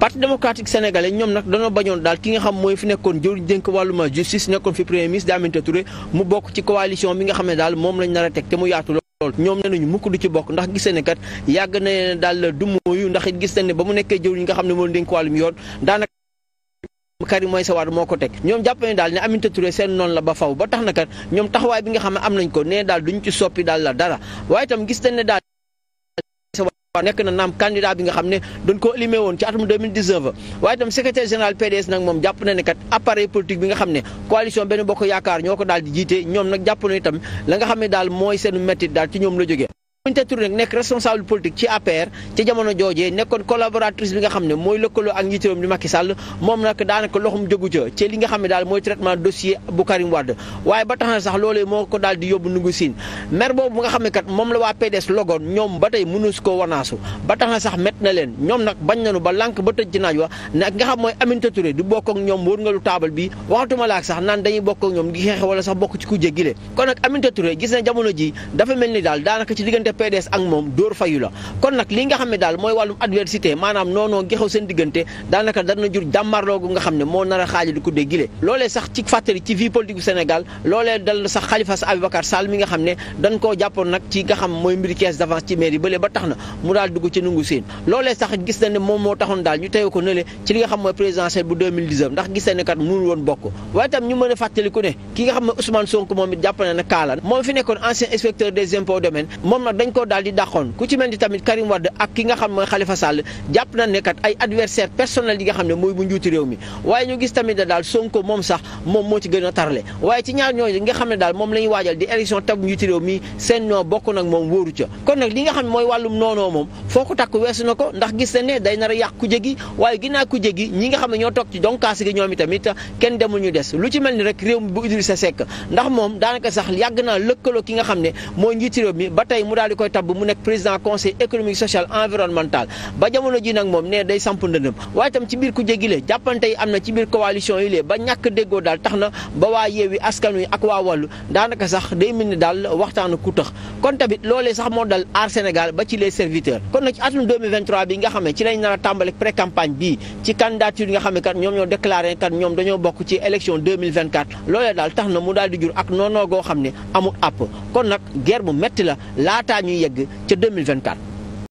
parti démocratique sénégalais ñoom nag dañoo bañoon daal ki nga xam mooy fi nekkoon jëwriñ dénk wàlluma justice nekkoon fi premier ministre Aminata Touré mu nga xam ne moom lañ nar a teg te mu yaatu lool ñoom ne nañu mukk du ci bokk ndax gis ne yàgg na daal du mooyu ndax gis nañ ne ba mu nekkee jëwriñ nga xam ne moo dénk wàllum yoon daanaka Karim Meïssa Wade moo ko teg ñoom jàpp ne daal ne Aminata Touré seen noonu la ba faw ba tax na ñoom taxawaay bi nga xam ne am nañ ko ne daal duñ ci soppi daal la dara waaw nekk na naam candidat bi nga xam ne dañ koo éliminé woon ci atum 2019 waaye itam secrétaire général PDS nag moom jàpp na ne kat appareil politique bi nga xam ne coalition benn bokk yaakaar ñoo ko daal di jiite ñoom nag jàpp na itam la nga xam ne daal mooy seen métti daal ci ñoom la jógee Aminata Touré nag nekk responsable politique ci APR ci jamono joojee nekkoon collaboratrice bi nga xam ne mooy lëkkaloo ak njiitu réew mi moom nag daanaka loxum jógu ca ci li nga xam daal mooy traitement dossier bu Karim Wade waaye ba tax na sax loolee moo ko daal di yóbbu nungu siin maire boobu nga xam kat moom la waa PDS logoon ñoom ba tey mënu su ko wanaasu ba tax na sax met na leen ñoom nag bañ nañu ba lànk ba tëj ci naaj wa nag nga xam mooy Aminata Touré du bokk bi waxatuma laak sax naan dañuy bokk ak ñoom di xeexe wala sax bokk ci ku jéggile diggante ak moom dóor fayu kon nag li nga xam mooy wàllum adversité maanaam noonoo gi xew seen diggante daanaka dana jur jàmmarloogu nga xam ne moo nar a xaaja di kuddee gile loolee sax ci fàttali ci vie politique bu Sénégal loolee dal sax Khalifa Ababacar Sall mi nga xam ne dañ koo jàppoon nag ci nga xam mooy mbiri caisse d'avance ci mairie bële ba tax na mu daal dugg ci nungu seen loolee sax gis na ne moom moo taxoon daal ñu teew ko nële dañ ko daal di dàqoon ku ci mel ni tamit Karim Wade ak ki nga xam mooy Khalifa Sall jàpp na ne kat ay adversaire personnel yi nga xam ne mooy bu njuuti réew mi waaye ñu gis tamit ne daal Sonko moom sax moom moo ci gën a tarle waaye ci ñaar ñooñu nga xam ne daal moom la ñuy waajal di élection teg njuuti réew mi seen ñoo bokk nag moom wóoru ca kon nag li nga xam ne mooy wàllum noonoo moom foo ko takk weesu na ko ndax gis na ne day nar a yàq ku gi waaye ginnaaw ku gi ñi nga xam ne ñoo toog ci donkaas gi ñoom itamit kenn demul ñu des lu ci mel ni rek réew mi bu Idrissa Seck ndax moom daanaka sax yàgg naa lëkkaloo ki nga xam ne mooy njiiti réew mi ba tey mu daal di koy tabb mu nekk président conseil économique social environnemental ba jamono ji nag moom ne day samp ndëndëm waaye tam ci biir ku gi le jàppante yi am na ci biir coalition yi le ba ñàkk déggoo daal tax na ba waa yeewi askan wi ak waa wàllu daanaka sax day ni daal waxtaan ku tax kon tamit loolee sax moo dal Sénégal ba ci les serviteurs kon nag ci atum 2023 bi nga xam ne ci lañ nar a tàmbali pré campagne bii ci candidature yi nga xam ne kat ñoom ñoo déclaré kat ñoom dañoo bokk ci élection 2024 loolee daal tax na mu daal di jur ak noonoo xam ne amul àpp kon nag guerre bu métti la laataa ñuy yegg ca 2024